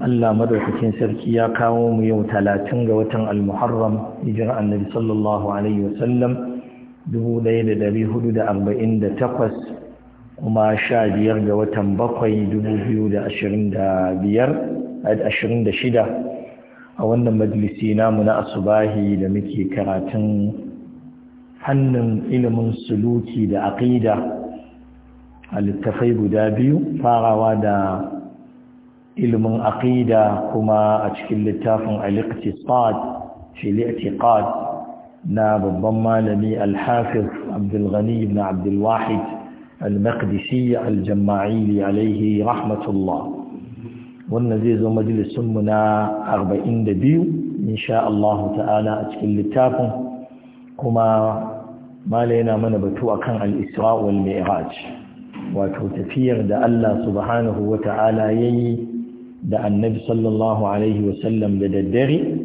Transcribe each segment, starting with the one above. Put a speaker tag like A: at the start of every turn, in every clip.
A: Allah madaukakin sarki ya kawo mu yau talatin ga watan al-muharram hijira annabi sallallahu alaihi wasallam 1448 kuma 15 ga watan bakwai 2025 a wannan majalisi namu na asubahi da muke karatun hannun ilimin suluki da aqida a littafai guda biyu farawa da ilimin aqida kuma a cikin littafin al-iqtisad fi al-i'tiqad na babban malami al-hafiz Abdul Ghani ibn Abdul Wahid al-Maqdisi al alayhi rahmatullah wannan zai zo majalisun mu na 42 insha Allah ta'ala a cikin littafin kuma mala yana mana batu akan al-Isra wal Mi'raj wato tafiyar da Allah subhanahu wa yayi da annabi sallallahu alaihi wasallam da daddare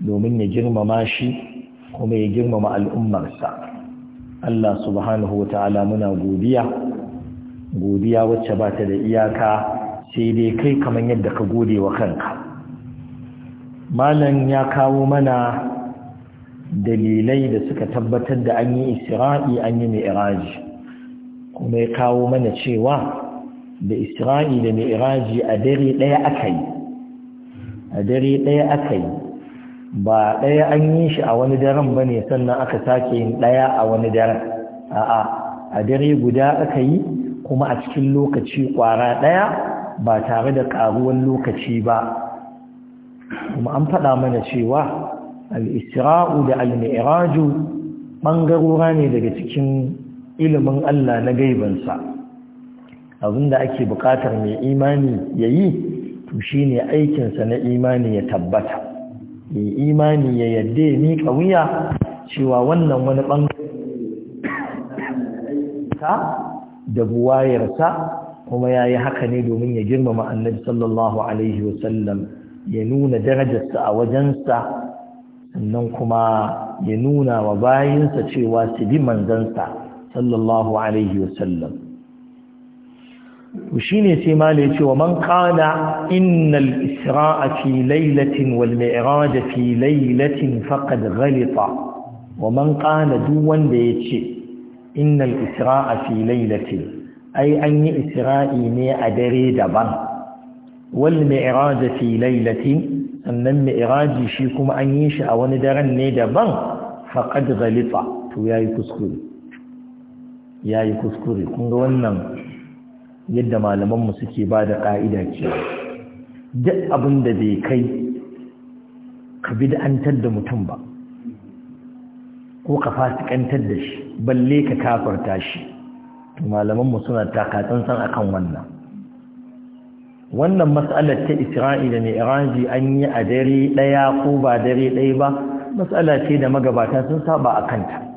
A: domin ya girmama shi kuma ya girmama al'ummarsa Allah subhanahu wa ta'ala muna godiya godiya wacce ba ta da iyaka sai dai kai kamar yadda ka gode wa kanka malam ya kawo mana dalilai da suka tabbatar da an yi isra'i an yi mi'raji kuma ya kawo mana cewa da isra'i da mi'raji a dare ɗaya aka yi a dare ɗaya aka yi ba ɗaya an yi shi a wani daren ba ne sannan aka sake yin ɗaya a wani daren a'a a dare guda aka yi kuma a cikin lokaci ƙwara ɗaya ba tare da ƙaruwan lokaci ba kuma an faɗa mana cewa al-isra'u da al ɓangarora ne daga cikin ilimin Allah na gaibansa abinda ake bukatar mai imani ya yi to shi ne aikinsa na imani ya tabbata mai imani ya yadda ya miƙa wuya cewa wannan wani ɓangare da buwayarsa kuma ya yi haka ne domin ya girmama annabi sallallahu alaihi wasallam ya nuna darajarsa a wajensa sannan kuma ya nuna wa bayinsa cewa su bi manzansa sallallahu alaihi wasallam shi ne sai mali ya ce wa man kada innal isra'a fi lailatin wal mi'raj fi lailatin faqad ghalita wa man kana duk wanda ya ce innal isra'a fi lailatin ai an yi isra'i ne a dare daban wal mi'raj fi lailatin sannan mi'raj shi kuma an yi shi a wani daren ne daban faqad ghalita to yayi kuskure yayi wannan yadda malamanmu suke ba da ƙa'ida ce duk abin da bai kai ka bi da mutum ba ko ka fasikantar da shi balle ka kafarta shi to malamanmu suna takatsantsan akan wannan wannan matsalar ta isra'ila ne iranji an yi a dare ɗaya ko ba dare ɗaya ba matsala ce da magabata sun saba a kanta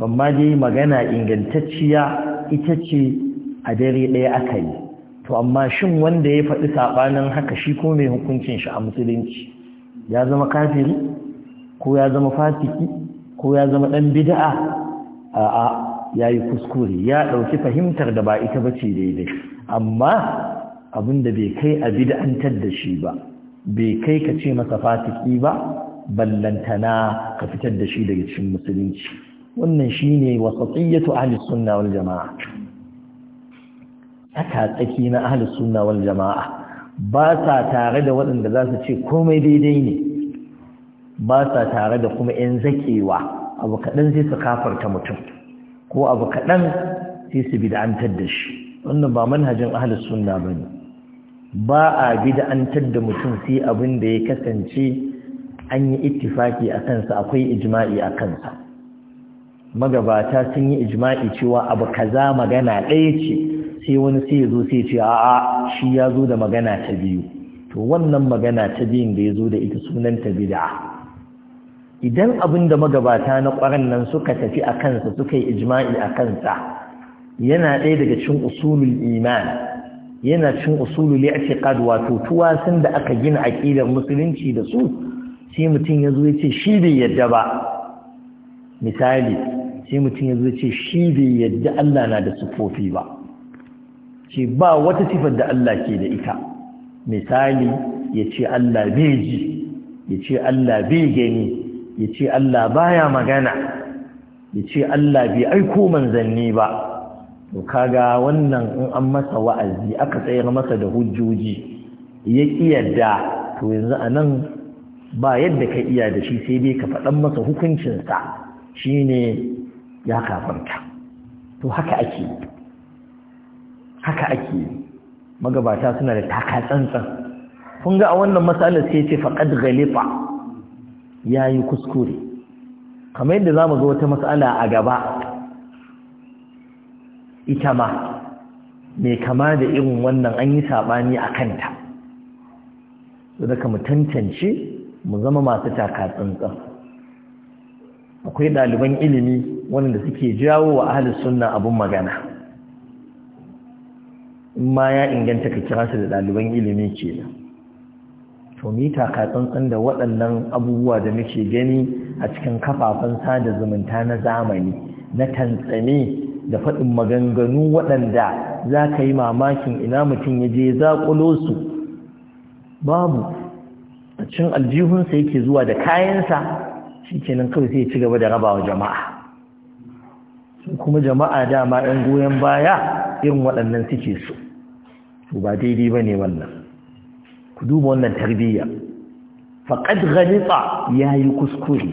A: amma dai magana ingantacciya ita ce a dare ɗaya aka yi to amma shin wanda ya faɗi saɓanin haka shi ko mai hukuncin shi a musulunci ya zama kafiri ko ya zama fasiki ko ya zama ɗan bida'a a'a ya yi kuskure ya ɗauki fahimtar da ba ita ba ce daidai amma abin da bai kai a bida'antar da shi ba bai kai ka ce masa fasiki ba ballantana ka fitar da shi daga cikin musulunci wannan shine wasatsiyatu ahli sunna wal jama'a tsaka tsaki na ahli sunna wal jama'a ba sa tare da waɗanda za su ce komai daidai ne ba sa tare da kuma yan zakewa abu kaɗan sai su kafarta mutum ko abu kaɗan sai su bid'antar da shi wannan ba manhajin ahli sunna bane ba a bid'antar da mutum sai abin da ya kasance an yi ittifaki a kansa akwai ijma'i a kansa magabata sun yi ijma'i cewa abu kaza magana ɗaya ce sai wani sai ya zo sai ce a'a shi ya zo da magana ta biyu to wannan magana ta biyun da ya zo da ita sunan ta bid'a idan abin da magabata na ƙwaran nan suka tafi a kansa suka yi ijma'i a kansa yana ɗaya daga cikin usulul iman yana cin usulul i'tiqad wato tuwasin da aka gina aqidar musulunci da su sai mutum ya zo ya ce shi bai yadda ba misali sai mutum ya zo ce shi bai yadda Allah na da sufofi ba ce ba wata sifar da Allah ke da ita misali ya ce Allah bai ji ya ce Allah bai gani ya ce Allah baya magana ya ce Allah bai aiko manzanni ba to kaga wannan in an masa wa'azi aka tsayar masa da hujjoji ya yadda to yanzu anan ba yadda ka iya da shi sai dai ka faɗan masa hukuncinsa shi ne ya kafarta to haka ake haka ake magabata suna da taka tsantsan kun ga a wannan matsalar sai ce faqad ghalifa yayi kuskure kamar yadda zamu ga wata mas'ala a gaba ita ma mai kama da irin wannan an yi sabani a kanta saboda mu tantance mu zama masu taka tsantsan akwai ɗaliban ilimi wanda suke jawo wa ahlus sunna abun magana in ma ya inganta ka kira su da ɗaliban ilimi kenan to mita ka tsantsan da waɗannan abubuwa da muke gani a cikin kafafen sada zumunta na zamani na tantsane da faɗin maganganu waɗanda za ka yi mamakin ina mutum ya je zaƙulo su babu a cikin aljihunsa yake zuwa da kayansa shi kenan kawai sai ci gaba da rabawa jama'a kuma jama'a dama 'yan goyon baya irin waɗannan suke so to ba daidai ba ne wannan ku duba wannan tarbiyya faƙad ghanita ya yi kuskure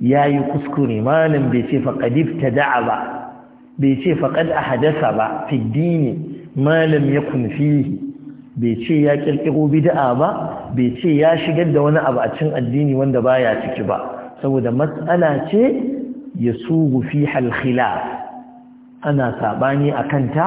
A: ya yi kuskure malam bai ce faƙadif ta da'a ba bai ce faƙad a hadasa ba fiddini malam ya kunfihi bai ce ya ƙirƙiro bida'a ba bai ce ya shigar da wani abu a cikin addini wanda baya ciki ba saboda matsala ce ya sugu fi halkhilaf ana saɓani a kanta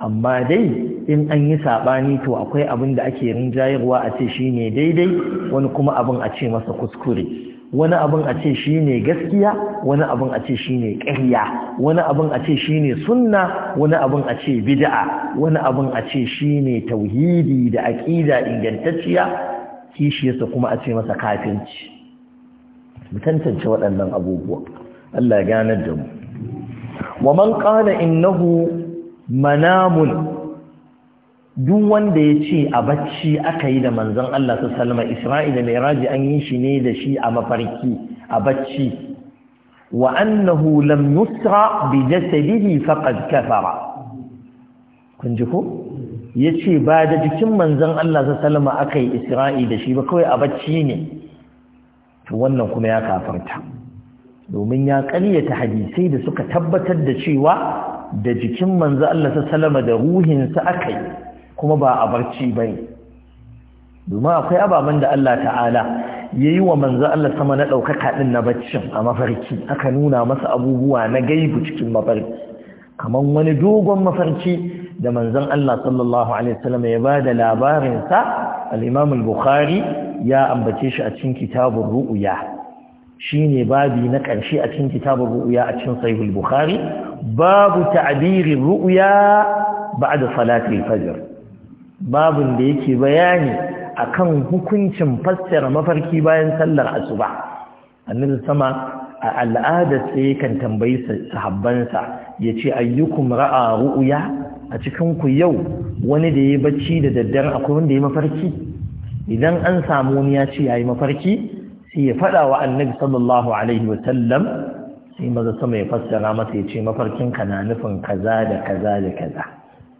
A: amma dai in an yi saɓani to akwai abin da ake rinjayarwa a ce shi ne daidai wani kuma abin a ce masa kuskure wani abin a ce shi ne gaskiya wani abin a ce shi ne ƙarya wani abin a ce shi ne sunna wani abin a ce bida'a, wani abin a ce shi ne tauhidi da aƙida ingantacciya kishiyarsa kuma a ce masa kafinci mu tantance waɗannan abubuwa Allah ya ganar da mu wa man qala innahu manamun duk wanda ya ce a bacci aka yi da manzon Allah sallallahu alaihi wasallam Isra'ila an yi shi ne da shi a mafarki a bacci wa annahu lam yusra bi jasadihi faqad kafara kun ji ko yace ba da jikin manzon Allah sallallahu alaihi aka yi Isra'ila da shi ba kawai a bacci ne to wannan kuma ya kafarta domin ya ƙaryata hadisai da suka tabbatar da cewa da jikin manzo Allah ta salama da ruhinsa aka yi kuma ba a barci ba ne domin akwai ababen da Allah ta'ala ya yi wa manzo Allah sama na ɗaukaka ɗin na baccin a mafarki aka nuna masa abubuwa na gaibu cikin mafarki kamar wani dogon mafarki da manzon Allah sallallahu alaihi wasallam ya ba da labarinsa al-Imam al-Bukhari ya ambace shi a cikin kitabun ru'uya shine babi na ƙarshe a cikin kitabun ru'uya a cikin sahihul bukhari babu ta'birin ru'uya ba'da salatul fajr babun da yake bayani akan hukuncin fassara mafarki bayan sallar asuba annabi sama a al'ada sai kan tambayi sahabbansa yace ayyukum ra'a ru'uya a cikin ku yau wani da ya bacci da daddare akwai wanda ya mafarki idan an samu wani ya ce yayi mafarki sai ya faɗa wa annabi sallallahu alaihi wasallam sai maza sama ya fassara masa ya ce mafarkinka na nufin kaza da kaza da kaza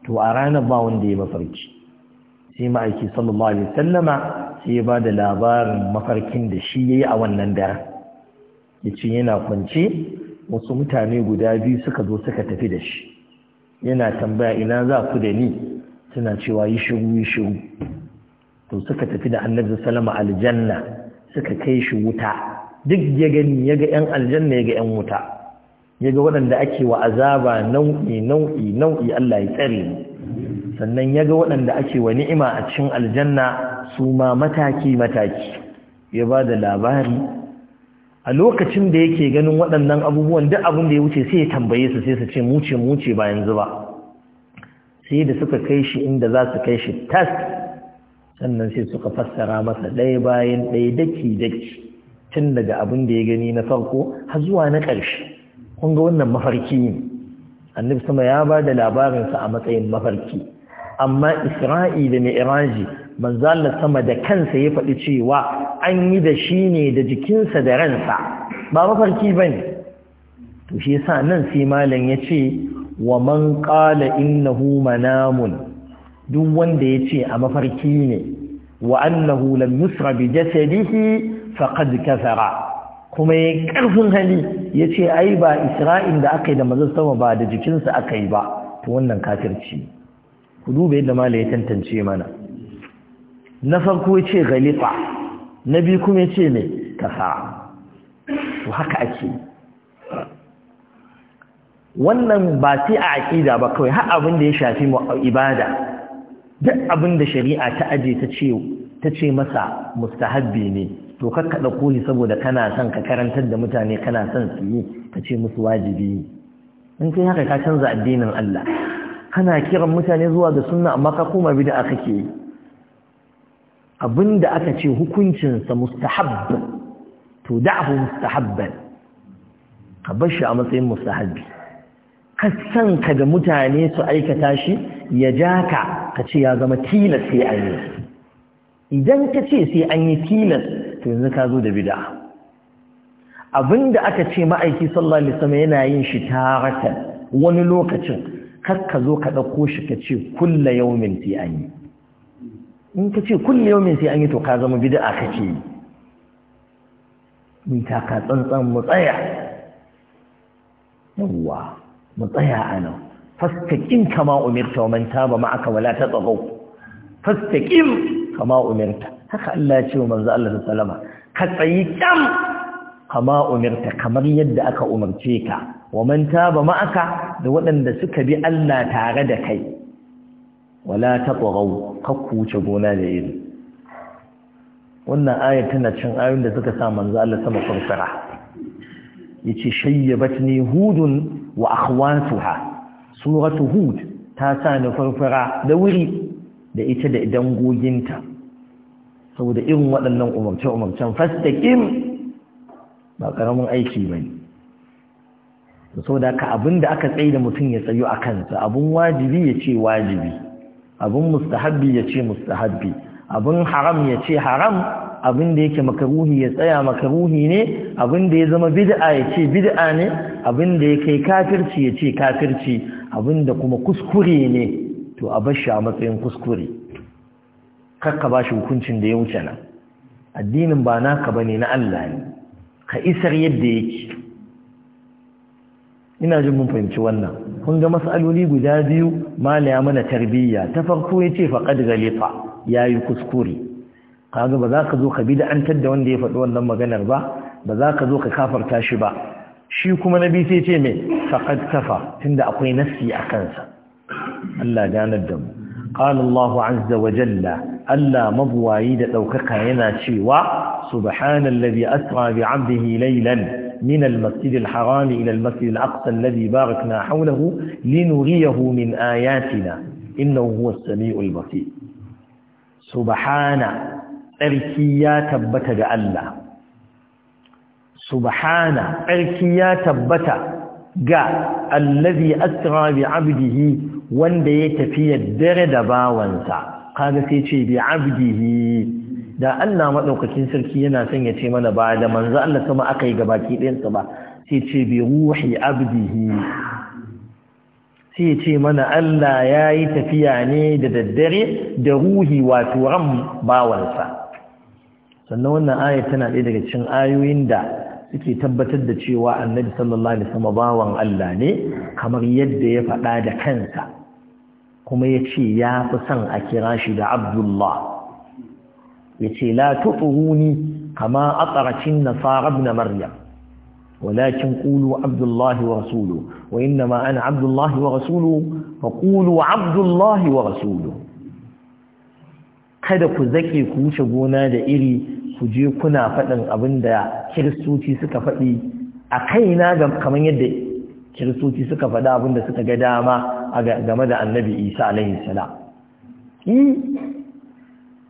A: to a ranar ba wanda ya mafarki sai ma'aiki sallallahu alaihi wasallama sai ya ba da labarin mafarkin da shi ya yi a wannan daren ya ce yana kwance wasu mutane guda biyu suka zo suka tafi da shi yana tambaya ina za ku da ni suna cewa yi shiru yi shiru to suka tafi da annabi sallama aljanna suka kai shi wuta duk ya gani ya ga 'yan aljanna ya ga 'yan wuta ya ga waɗanda ake wa azaba nau'i nau'i nau'i Allah ya tsare sannan ya ga waɗanda ake wa ni'ima a cikin aljanna su ma mataki mataki ya ba da labari a lokacin da yake ganin waɗannan abubuwan duk abin da ya wuce sai ya tambaye su sai su ce ce-mu muce ba yanzu ba sai da suka kai shi inda za su kai shi tas sannan sai suka fassara masa ɗaya bayan ɗaya daki daki tun daga abin da ya gani na farko har zuwa na ƙarshe kun ga wannan mafarki ne annabi sama ya ba da labarinsa a matsayin mafarki amma isra'i da mi'raji manzo sama da kansa ya faɗi cewa an yi da shi ne da jikinsa da ransa ba mafarki bane to shi yasa nan sai malam ya ce wa man qala innahu manamun duk wanda ya ce a mafarki ne wa annahu lam yusra bi jasadihi faqad kafara kuma ya karfin hali ya ce ai ba isra'il da aka yi da mazan sama ba da jikinsa aka yi ba to wannan kafirci ku duba yadda mala ya tantance mana na farko ya ce na biyu kuma ya ce mai kasa to haka ake wannan ba sai a aƙida ba kawai har abin da ya shafi ibada duk abin da shari'a ta aje ta ce masa mustahabbi ne to kakka dauko ni saboda kana son ka karantar da mutane kana son su yi ka ce musu wajibi in kai haka ka canza addinin Allah kana kiran mutane zuwa ga sunna amma ka koma bid'a kake yi abinda aka ce hukuncinsa mustahabb to da'ahu mustahabban ka bar shi a matsayin mustahabbi Ka san ka ga mutane su aikata shi ya ja ka ka ce ya zama tilas sai an yi idan ka ce sai an yi tilas to yanzu ka zo da bida abinda aka ce ma'aiki sallallahu alaihi wasallam yana yin shi haka wani lokacin kar ka zo ka ɗauko shi ka ce kulla yawmin sai an yi in ka ce kulle yawmin sai an yi to ka zama bid'a kake yi mun taka tsantsan mu tsaya yawwa mu tsaya a nan fastaqim kama umirta wa man taba ma'aka wala ta tatghaw fastaqim kama umirta haka Allah ya ce wa manzo Allah sallama ka tsayi kyam kama umirta kamar yadda aka umarce ka wa man taba ma'aka da waɗanda suka bi Allah tare da kai wala ta tatghaw ka kuce gona da iri wannan ayar tana cin ayoyin da suka sa manzo Allah sama furfura yace shayyabatni hudun wa akhwatuha suratu hud ta sa ni farfara da wuri da ita da dangoginta saboda irin waɗannan umarce-umarcen fastaqim ba karamin aiki bane ne saboda ka abin da aka tsaye da mutum ya tsayo a kansa Abun wajibi ya ce wajibi abin mustahabbi ya ce mustahabbi abin haram ya ce haram abin da yake makaruhi ya tsaya makaruhi ne abin da ya zama bid'a ya ce bid'a ne abin da ya kai kafirci ya ce kafirci abin da kuma kuskure ne to a bar a matsayin kuskure kakka ba shi hukuncin da ya wuce nan addinin ba naka ne na Allah ne ka isar yadda yake ina jin mun fahimci wannan kun ga mas'aloli guda biyu malaya mana tarbiyya ta farko ya ce faqad ghalifa yayi kuskure kaga ba za ka zo ka bid'antar da wanda ya faɗi wannan maganar ba ba za ka zo ka kafarta shi ba shi kuma na sai ce me faqad kafa tunda akwai nafsi a kansa Allah ganar da mu qala Allahu azza wa jalla Allah mabuwayi da ɗaukaka yana cewa subhanallazi asra bi 'abdihi laylan من المسجد الحرام إلى المسجد الأقصى الذي باركنا حوله لنريه من ayatina إنه هو sami'ul البصير subhana tsarki ya tabbata ga Allah subhana tsarki ya tabbata ga allazi asra bi abdihi wanda ya tafi dare da bawansa kaga sai ce bi abdihi da Allah madaukakin sarki yana son ya ce mana ba da manzo Allah sama aka yi gabaki ɗayansa ba sai ce bi ruhi abdihi sai ce mana Allah ya yi tafiya ne da daddare da ruhi wato ran bawansa sannan wannan aya tana ɗaya daga cikin ayoyin da suke tabbatar da cewa annabi sallallahu alaihi wasallam bawan Allah ne kamar yadda ya faɗa da kansa kuma ya ce ya fi son a kira shi da Abdullah ya ce la tu'uni kama atsaracin nasara ibn maryam ولكن قولوا عبد الله ورسوله وإنما أنا عبد الله ورسوله فقولوا عبد الله ورسوله kada ku zake ku wuce gona da iri ku je kuna faɗin abin da kiristoci suka faɗi a kaina kamar yadda kiristoci suka faɗi abin da suka ga dama game da annabi isa alaihi salam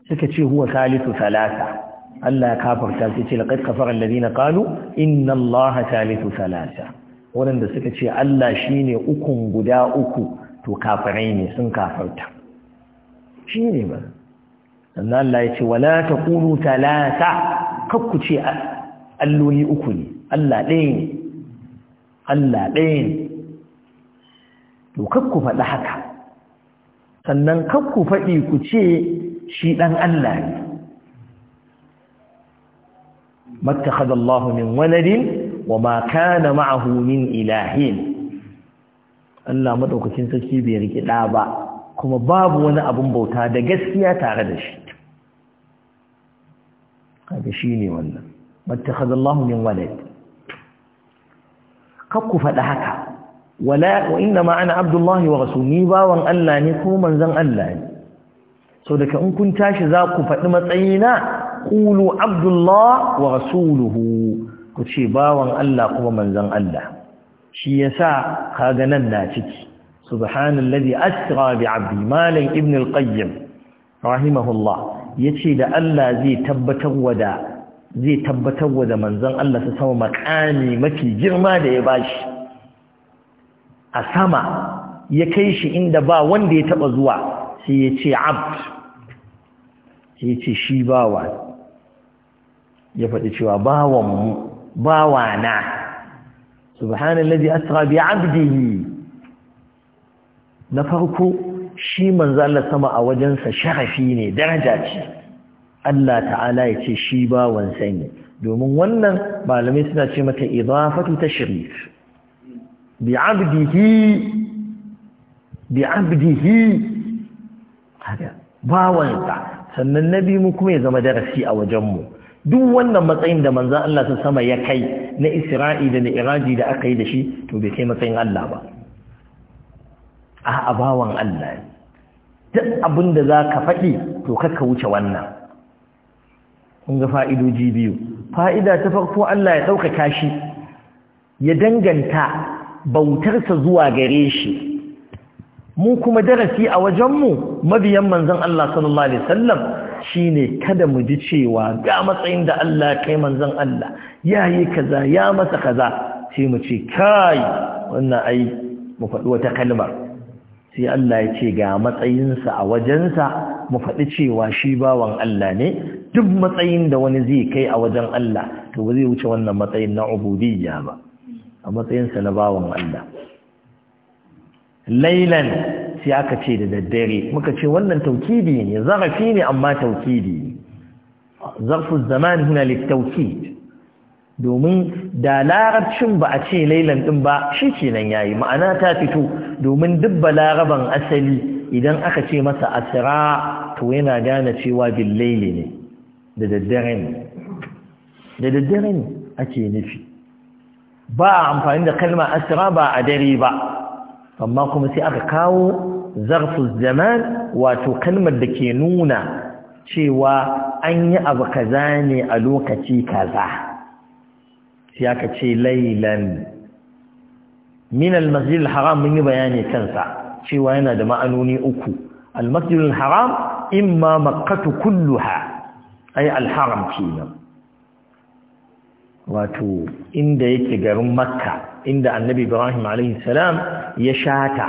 A: suka ce huwa salisu salasa Allah ya kafarta sai ce laqad kafara alladhina qalu inna allaha salisu salasa wanda suka ce Allah ne ukun guda uku to kafirai ne sun kafarta ba sannan Allah ya ce wala taqulu talata kakku ce alloli uku ne Allah ɗaya ne Allah ɗaya ne to kakku faɗi haka sannan kakku faɗi ku ce shi ɗan Allah ne متخذ الله من ولد وما كان معه من Allah madaukakin sarki bai rike ɗa ba kuma babu wani abin bauta da gaskiya tare da shi kaga shi ne wannan mattakhadha Allahu min walad kakku faɗa haka wa inna ma'ana abdullahi wa ni bawan Allah ne ko manzon Allah ne so daga in kun tashi za ku faɗi matsayina qulu abdullah wa rasuluhu ku ce bawan Allah kuma manzon Allah shi yasa ga nan na ciki subhanallazi asra abdi malam ibn al-qayyim rahimahullah yace da Allah zai tabbatar wada zai tabbatar wada manzon Allah sa sama makami mafi girma da ya bashi a sama ya kai shi inda ba wanda ya taba zuwa sai yace abd sai yace shi bawa ya faɗi cewa bawan mu bawana subhanallazi asra bi na farko shi manzo Allah sama a wajensa sharafi ne daraja ce Allah ta'ala ya ce shi bawan ne. domin wannan malamai suna ce mata idafatu tashrif bi abdihi bi abdihi haka bawansa sannan nabi mu kuma ya zama darasi a wajenmu duk wannan matsayin da manzo Allah ta sama ya kai na Isra'i da na Iraji da aka yi da shi to bai kai matsayin Allah ba a abawan Allah duk abin da za ka faɗi to kaka wuce wannan kun ga fa'idoji biyu fa'ida ta farko Allah ya ɗaukaka shi ya danganta bautarsa zuwa gare shi mu kuma darasi a wajenmu mabiyan manzon Allah sallallahu Alaihi wasallam shi ne kada mu ji cewa ga matsayin da Allah kai manzon Allah ya yi kaza ya masa kaza sai mu ce kai wannan ai mu faɗi wata kalmar sai Allah ya ce ga matsayinsa a wajensa mu faɗi cewa shi bawan Allah ne duk matsayin da wani zai kai a wajen Allah to ba zai wuce wannan matsayin na ubudiyya ba a matsayinsa na bawan Allah lailan sai aka ce da daddare muka ce wannan taukidi ne zarafi ne amma taukidi ne zarfu zaman huna littaukid domin da larabcin ba a ce lailan ɗin ba shi kenan yayi ma'ana ta fito domin duk balaraban asali idan aka ce masa asira to yana gane cewa billaili ne da daddare ne da daddare ne ake nufi ba a amfani da kalma asira ba a dare ba amma kuma sai aka kawo zarfus zaman wato kalmar da ke nuna cewa an yi abu kaza ne a lokaci kaza sai aka ce lailan min al-masjid al-haram mun yi bayani kansa cewa yana da ma'anoni uku al-masjid al-haram imma makkatu kulluha ay al-haram kenan wato inda yake garin makka inda annabi ibrahim alaihi salam ya shata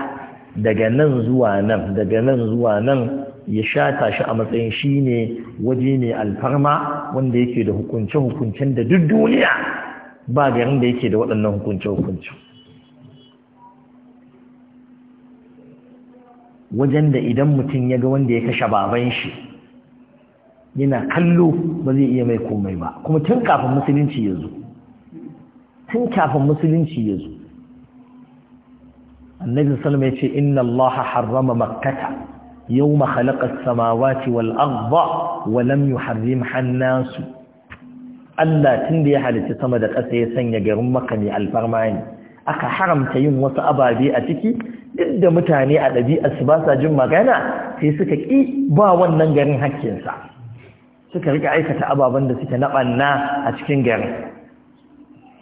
A: daga nan zuwa nan daga nan zuwa nan ya shata shi a matsayin shi ne waje ne alfarma wanda yake da hukunce-hukuncen da duk duniya ba garin da yake da waɗannan hukunce-hukunce wajen da idan mutum ya ga wanda ya kashe baban shi yana kallo ba zai iya mai komai ba kuma tun kafin musulunci ya zo tun kafin musulunci ya zo annabi salama ya ce inna allaha harrama makkata yau ma halakar samawa ce wal'arba wa lam yi hannasu Allah tun da ya halitta sama da ƙasa ya sanya garin maka ne alfarma ne aka haramta yin wasu ababe a ciki duk da mutane a ɗabi'arsu ba sa jin magana sai suka ƙi ba wannan garin hakkinsa suka rika aikata ababen da suke naɓanna a cikin garin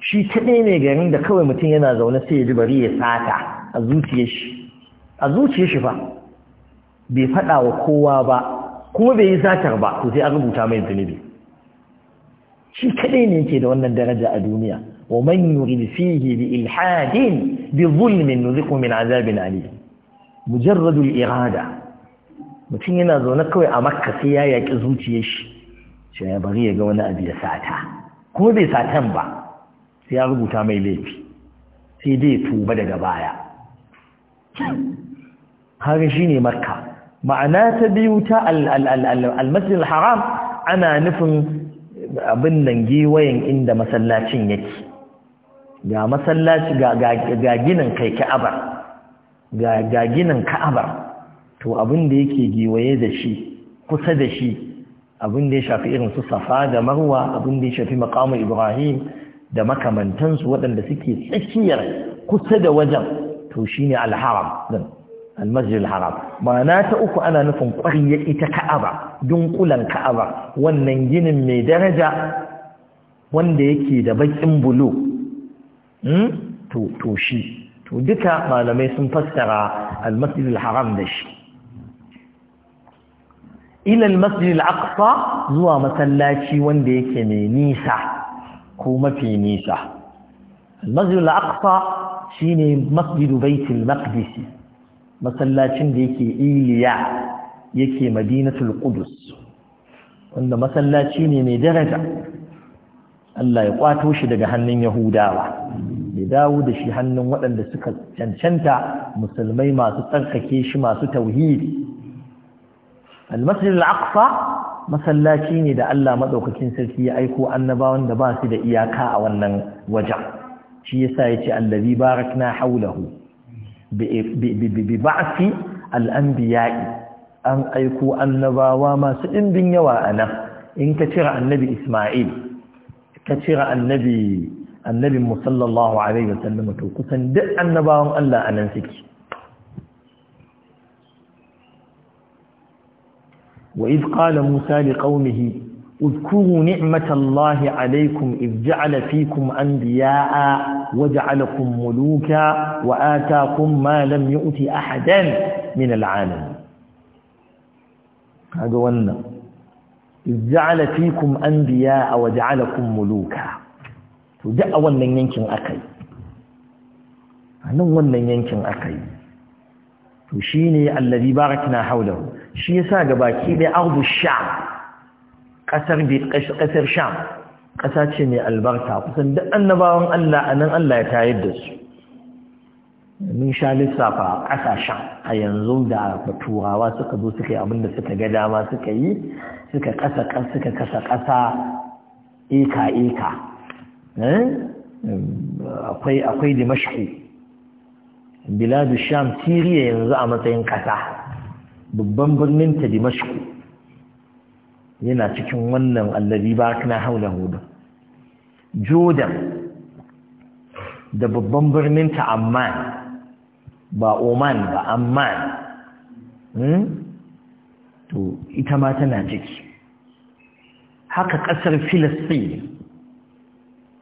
A: shi kaɗai ne garin da kawai mutum yana zaune sai ya ji bari ya sata a zuciyar shi a zuciyar shi ba bai faɗa wa kowa ba kuma bai yi satar ba to sai an rubuta mai zunubi shi kadai ne yake da wannan daraja a duniya wa man yurid fihi bi ilhadin bi zulmin nuziqu min azabin alim mujarradul irada mutum yana zaune kawai a makka sai ya yaki zuciyar shi sai ya bari ya ga wani abu ya sata kuma bai satan ba sai ya rubuta mai laifi sai dai tuba daga baya haka shine makka ma'ana ta biyu ta al-masjid al-haram ana nufin abin nan giwayen inda masallacin yake ga masallaci ga ginin kai ka'abar ga ginin ka'abar to abin da yake giwaye da shi kusa da shi abin da ya shafi irin su safa da marwa abin da ya shafi makamu ibrahim da makamantansu waɗanda suke tsakiyar kusa da wajen to shine alharam din المسجد الحرام ما ناتأك أنا نفهم قرية كأبا دنقلا كأبا وننجن من درجة وانديكي دبيت انبلو توشي ودكا ما لم يسم فسر المسجد الحرام دش إلى المسجد الأقصى زوا مسلاتي واندي كمي نيسا كوما في نيسا المسجد الأقصى شيني مسجد بيت المقدس masallacin da yake iliya yake madinatul qudus wanda masallaci ne mai daraja Allah ya kwato shi daga hannun yahudawa ya dawo da shi hannun waɗanda suka cancanta musulmai masu tsarkake shi masu tauhidi almasjid al-aqsa masallaci ne da Allah madaukakin sarki ya aiko annabawan da ba su da iyaka a wannan wajen shi yasa yace barak barakna haulahu bi ba'fi al'anbiya'i an aiko annabawa masu ɗimbin yawa a in ka cira annabi isma'il ka cire annabi annabin musallallahu alaihi wasallam to kusan da annabawan Allah a nan suke وإذ قال موسى لقومه اذكروا نعمة الله عليكم إذ جعل فيكم أنبياء وجعلكم ملوكا وآتاكم ما لم يؤت أحدا من العالم هذا وانا إذ جعل فيكم أنبياء وجعلكم ملوكا وجاء وانا ينكن أكي أنا وانا ينكن أكي وشيني الذي باركنا حوله شيسا قباكي لأرض الشعب ƙasar ƙasar sham ƙasa ce mai albarta, kusan duk annabawan Allah a nan Allah ya tayar da su mun sha lissafa ƙasashen a yanzu da turawa suka zo suka yi abinda suka ga dama suka yi suka kasa suka kasa kasa eka eka eh? akwai akwai dimashqi biladu sham siriya yanzu a matsayin ƙasa. babban birnin ta dimashku yana cikin wannan allazi hau da hudu. jordan da babban birnin ta amman ba oman ba amman hmm? to ita ma tana ciki haka ƙasar filistin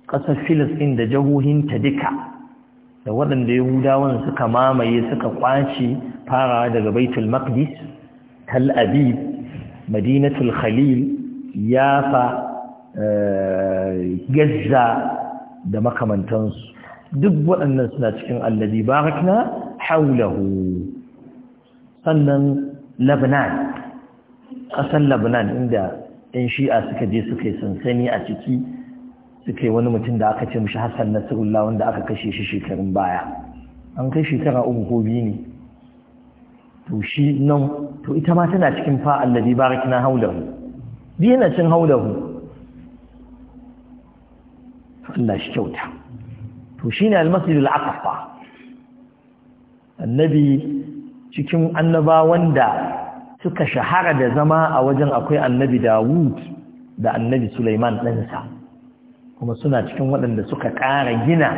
A: ƙasar filistin da jahohinta duka da waɗanda yahudawan suka mamaye suka kwace farawa daga baitul maqdis tal abib madinatul khalil yafa eh, gazza da makamantansu duk waɗannan suna cikin allabi barakna haulahu sannan labnan ƙasan labnan inda 'yan shi'a suka je suka yi sansani a ciki suka yi wani mutum da aka ce mashi hassan nasarullah wanda aka kashe shi shekarun baya an kai shekara uku ko biyu ne to shi nan to ita ma tana cikin fa allazi barakna haulahu bi yana cin To Allah shi kyauta to shine al-masjidul aqsa annabi cikin annaba wanda suka shahara da zama a wajen akwai annabi Dawud da annabi Sulaiman ɗansa kuma suna cikin waɗanda suka ƙara gina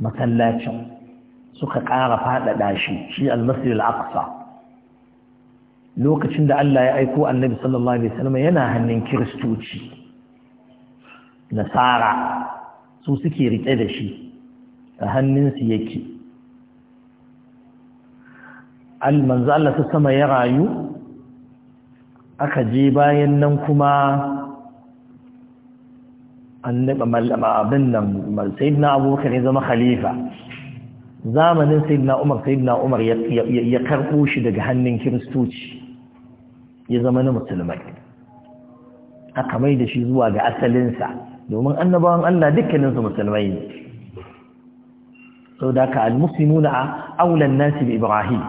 A: masallacin suka ƙara faɗaɗa shi shi al-masjidul aqsa lokacin da Allah ya aiko annabi sallallahu alaihi wasallam yana hannun kiristoci nasara su suke rike da shi a hannunsu yake almanzu Allah sama ya rayu aka je bayan nan kuma abin nan sayidina abubakar ya zama khalifa zamanin sayidina umar sayidina umar ya karɓo shi daga hannun kiristoci ya zama na musulmai aka mai da shi zuwa ga asalinsa domin annabawan Allah dukkaninsu musulmai ne sau da ka almuslimu na aulan nasi bi ibrahim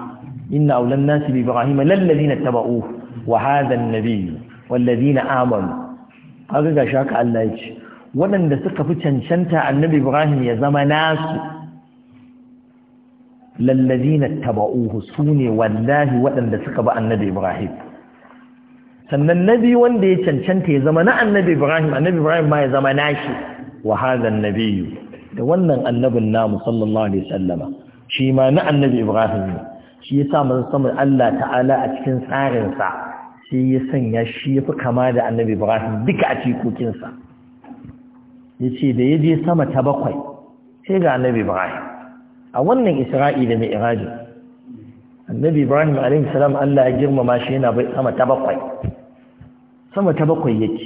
A: inna aulan nasi bi ibrahim lallazi na taba'u wa hadan nabi wallazi na amalu haka ga shaka Allah ya ce waɗanda suka fi cancanta annabi ibrahim ya zama nasu lallazi na taba'uhu su ne wallahi waɗanda suka ba annabi ibrahim sannan nabi wanda ya cancanta ya zama na annabi ibrahim annabi ibrahim ma ya zama nashi wa hadha annabiyyu da wannan annabin namu sallallahu alaihi wasallama shi ma na annabi ibrahim ne shi yasa manzon sama Allah ta'ala a cikin tsarin sa sai ya sanya shi yafi kama da annabi ibrahim duka a cikokin sa yace da yaje sama ta bakwai sai ga annabi ibrahim a wannan isra'i da mi'raji annabi ibrahim alayhi salam Allah ya girmama shi yana bai sama ta bakwai sama ta bakwai yake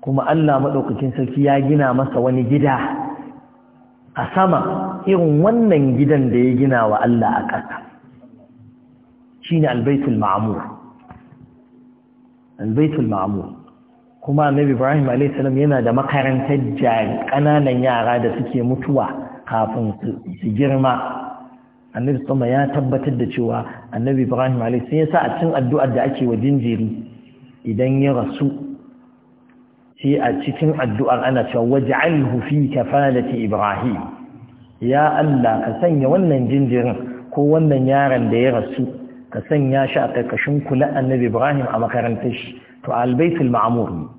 A: kuma Allah madaukakin sarki ya gina masa wani gida a sama irin wannan gidan da ya gina wa Allah a ƙasa shine albaitul ma'mur albaitul ma'mur kuma annabi ibrahim alayhi salam yana da makarantar jari ƙananan yara da suke mutuwa kafin su girma annabi sama ya tabbatar da cewa annabi ibrahim alaihi Sun ya a cikin addu'ar da ake wa jinjiri idan ya rasu sai a cikin addu'ar ana cewa waj'alhu fi kafalati ibrahim ya Allah ka sanya wannan jinjirin ko wannan yaron da ya rasu ka sanya shi a karkashin kula annabi ibrahim a makarantar shi to albaitul ma'mur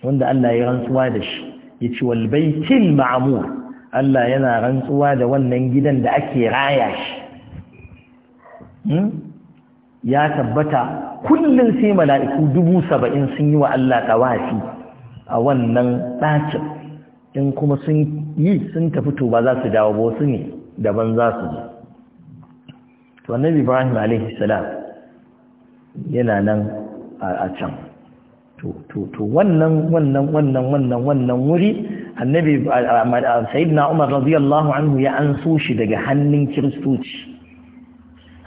A: wanda Allah ya rantsuwa da shi yace wal baitil ma'mur Allah yana rantsuwa da wannan gidan da ake raya shi hmm? ya tabbata kullum sai mala'iku dubu saba'in sun yi wa Allah tawafi a wannan ɗakin in kuma sun yi sun tafi to ba za su dawo ba su ne daban za su je to annabi ibrahim alaihi salam yana nan a can to wannan wannan wannan wannan wannan wuri annabi sayyidina umar radiyallahu anhu ya anso shi daga hannun kiristoci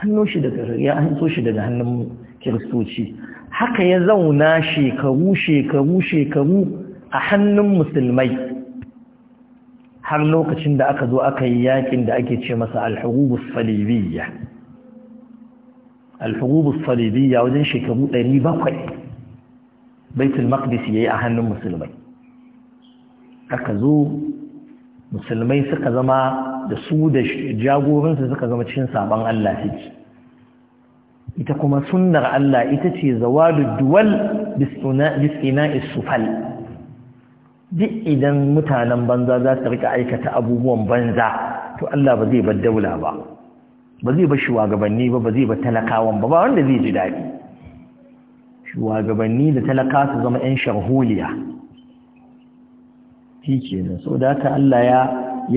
A: hannu shi daga ya anso shi daga hannun kiristoci haka ya zauna shekaru shekaru shekaru a hannun musulmai har lokacin da aka zo aka yi yakin da ake ce masa alhurubus salibiyya alhurubus salibiyya wajen shekaru 700 baitul maqdis yayi a hannun musulmai aka zo musulmai suka zama da su da jagoransu suka zama cikin sabon Allah suke ita kuma sunnar Allah ita ce zawadu duwal bisina isufal duk idan mutanen banza za su rika aikata abubuwan banza to Allah ba zai bar daula ba ba zai ba shugabanni ba ba zai ba talakawan ba ba wanda zai ji daɗi shugabanni da talaka su zama 'yan sharholiya shi kenan so da haka Allah ya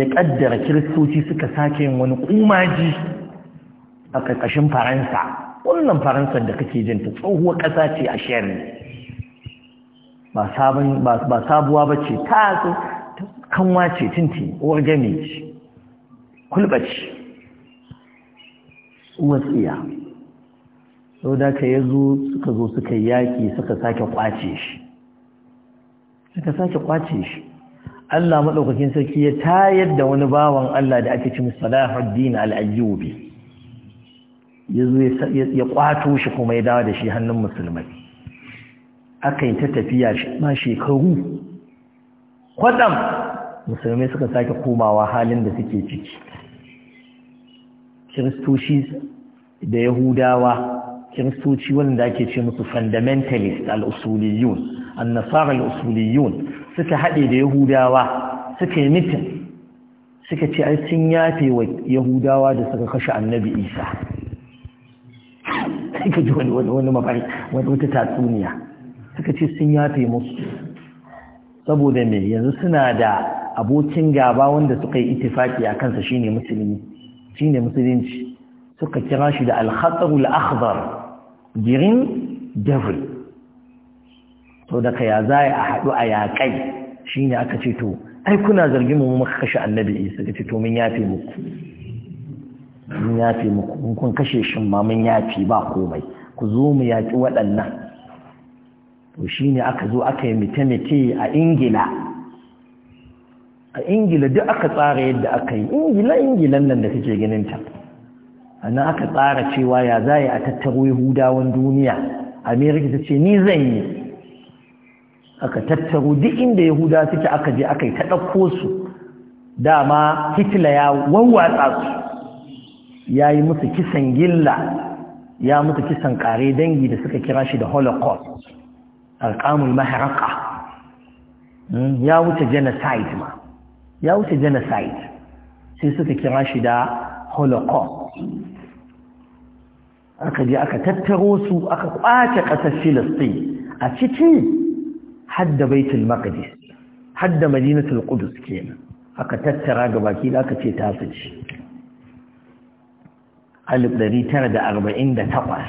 A: ya kaddara kiristoci suka sake yin wani kumaji a ƙarƙashin faransa wannan faransa da kake jin ta tsohuwar ƙasa ce a shari ba sabuwa ba ce ta kanwa ce tinti uwar gami ce kulɓa ce uwar tsiya sau da haka ya zo suka zo suka yaƙi suka sake kwace shi suka sake kwace shi Allah maɗaukakin sarki ya tayar da wani bawan Allah da ake cin salahuddin al'ayyubi ya zo ya ƙwato shi kuma ya dawo da shi hannun musulmai aka yi ta tafiya ma shekaru kwaɗam musulmai suka sake komawa halin da suke ciki kiristoci da yahudawa kiristoci wanda ake ce musu fundamentalist al'usuliyun annasar al'usuliyun suka haɗe da yahudawa suka yi mitin suka ce ai sun yafe wa yahudawa da suka kashe annabi isa suka ji wani mafari wata tatsuniya suka ce sun yafe musu saboda me yanzu suna da abokin gaba wanda suka yi itifaki a kansa shine musulmi shine musulunci suka kira shi da alhatsarul akhbar girin devil to da ya za a haɗu a yaƙai shi ne aka ce to ai kuna zargin mu muka kashe annabi isa ka ce to mun yafe muku mun yafe muku in kun kashe shin ma mun yafe ba komai ku zo mu yaƙi waɗannan to shi ne aka zo aka yi mite-mite a ingila a ingila duk aka tsara yadda aka yi ingila ingilan nan da kake ganin ta sannan aka tsara cewa ya za a tattaro yahudawan duniya amerika ta ce ni zan yi aka tattaro duk inda yahuda suke aka je aka yi ta ɗauko su dama hitler ya wawwatsa su ya yi musu kisan gilla ya musu kisan ƙare dangi da suka kira shi da holocaust alƙamul maharaka hmm, ya wuce genocide ma ya wuce genocide sai suka kira shi da holocaust aka je aka tattaro su aka kwace ƙasar filistin a ciki hadda baitul maqdis hadda madinatul qudus kenan aka tattara ga baki da aka ce ta fice 1948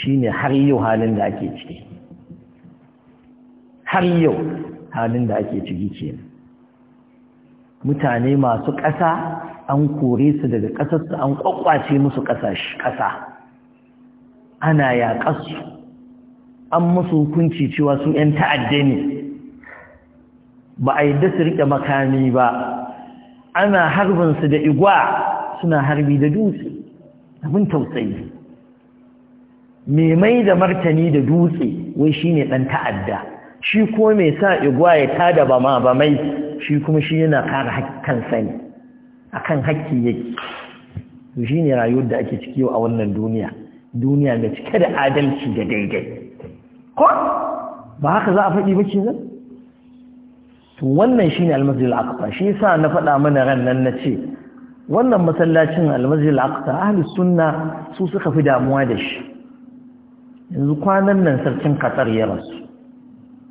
A: shine har yau halin da ake ciki har yau halin da ake ciki kenan mutane masu ƙasa an kore su daga ƙasarsu an ƙwaƙwace musu ƙasa ana yaƙarsu an musu hukunci cewa su ‘yan ta'adda ne ba a yadda su riƙe makami ba ana harbinsu da igwa suna harbi da dutse abin tausayi mai mai da martani da dutse wai shi ne ɗan ta'adda shi ko mai sa igwa ya tada ba ma ba mai shi kuma shi yana kara hakkan sani a kan hakki yake shi ne rayuwar da ake ciki a wannan duniya duniya da cike da adalci da daidai ko ba haka za a faɗi ba kenan to wannan shine almasjid aqsa shi yasa na faɗa mana ran nan na ce. wannan masallacin almasjid al-aqsa ahli sunna su suka fi damuwa da shi yanzu kwanan nan sarkin Qatar ya rasu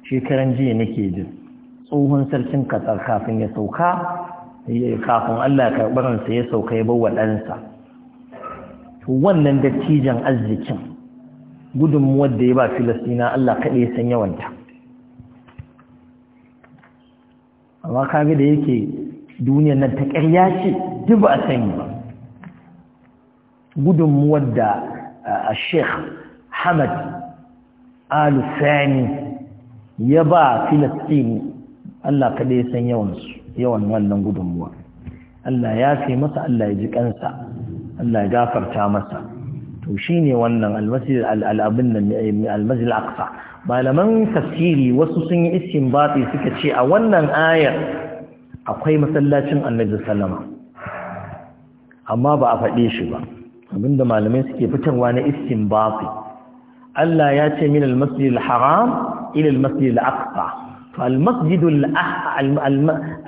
A: shekaran jiya nake jin tsohon sarkin Qatar kafin ya sauka kafin Allah karɓaransa ya sauka ya bawa ɗansa to wannan dattijan arzikin gudunmuwar da ya ba filistina Allah kaɗai ya san yawanta amma kaga da yake duniyar nan ta ƙarya ce duk ba a sani ba gudunmuwar da uh, a sheikh hamad alufani ya ba filistini Allah kaɗai san yawan wannan gudunmuwa Allah ya fi masa Allah ya ji kansa Allah ya gafarta masa to ne wannan almasjid al'abin nan eh, almasjid al'aqsa malaman tafsiri wasu sun yi istinbati suka ce a wannan ayar akwai masallacin annabi sallama amma ba a faɗe shi ba abinda malamai suke fitarwa na istinbati Allah ya ce min almasjid al-haram ila almasjid al-aqsa فالمسجد المسجد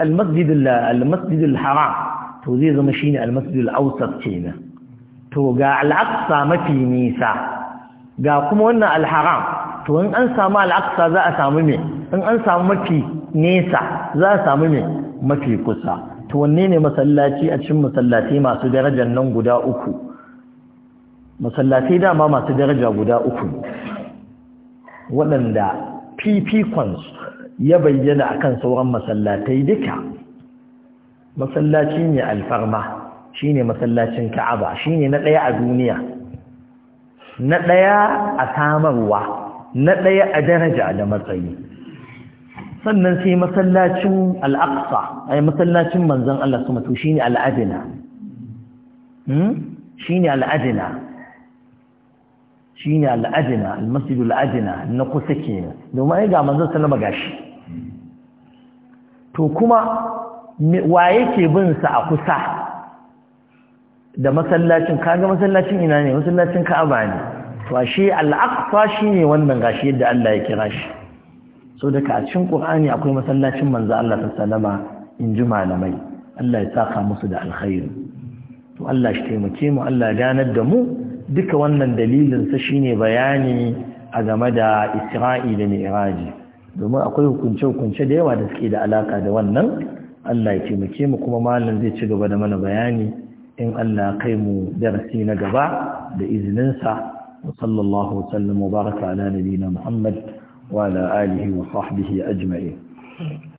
A: المسجد الحرام to zai zama shine almasjid al-awsat kenan to ga al'aqsa mafi nisa ga kuma wannan alharam to in an samu al'aqsa za a samu me in an samu mafi nisa za a samu me mafi kusa to wanne ne masallaci a cikin masallatai masu darajar nan guda uku masallatai dama masu daraja guda uku waɗanda fifikonsu ya bayyana akan sauran masallatai duka masallaci ne alfarma shine masallacin Ka'aba shine na daya a duniya na daya a samarwa na daya a daraja da matsayi sannan sai masallacin Al-Aqsa ai masallacin manzon Allah kuma to shine Al-Adna hmm shine Al-Adna shine Al-Adna Al-Masjid Al-Adna na kusa kenan domin ai ga manzon sallama gashi to kuma wa yake bin sa a kusa da masallacin kaga masallacin ina ne masallacin ka'aba ne to ashe al-aqsa shine wannan gashi yadda Allah ya kira shi so daga a cikin qur'ani akwai masallacin manzo Allah sallama in ji malamai Allah ya saka musu da alkhairi to Allah shi taimake mu Allah ya ganar da mu duka wannan dalilin sa shine bayani a game da Isra'i da mi'raj domin akwai hukunce-hukunce da yawa da suke da alaka da wannan Allah ya taimake mu kuma malam zai ci gaba da mana bayani in Allah kai mu darasi na gaba da izinin sa sallallahu wasallam wa baraka ala nabi Muhammad wa ala alihi wa sahbihi ajma'in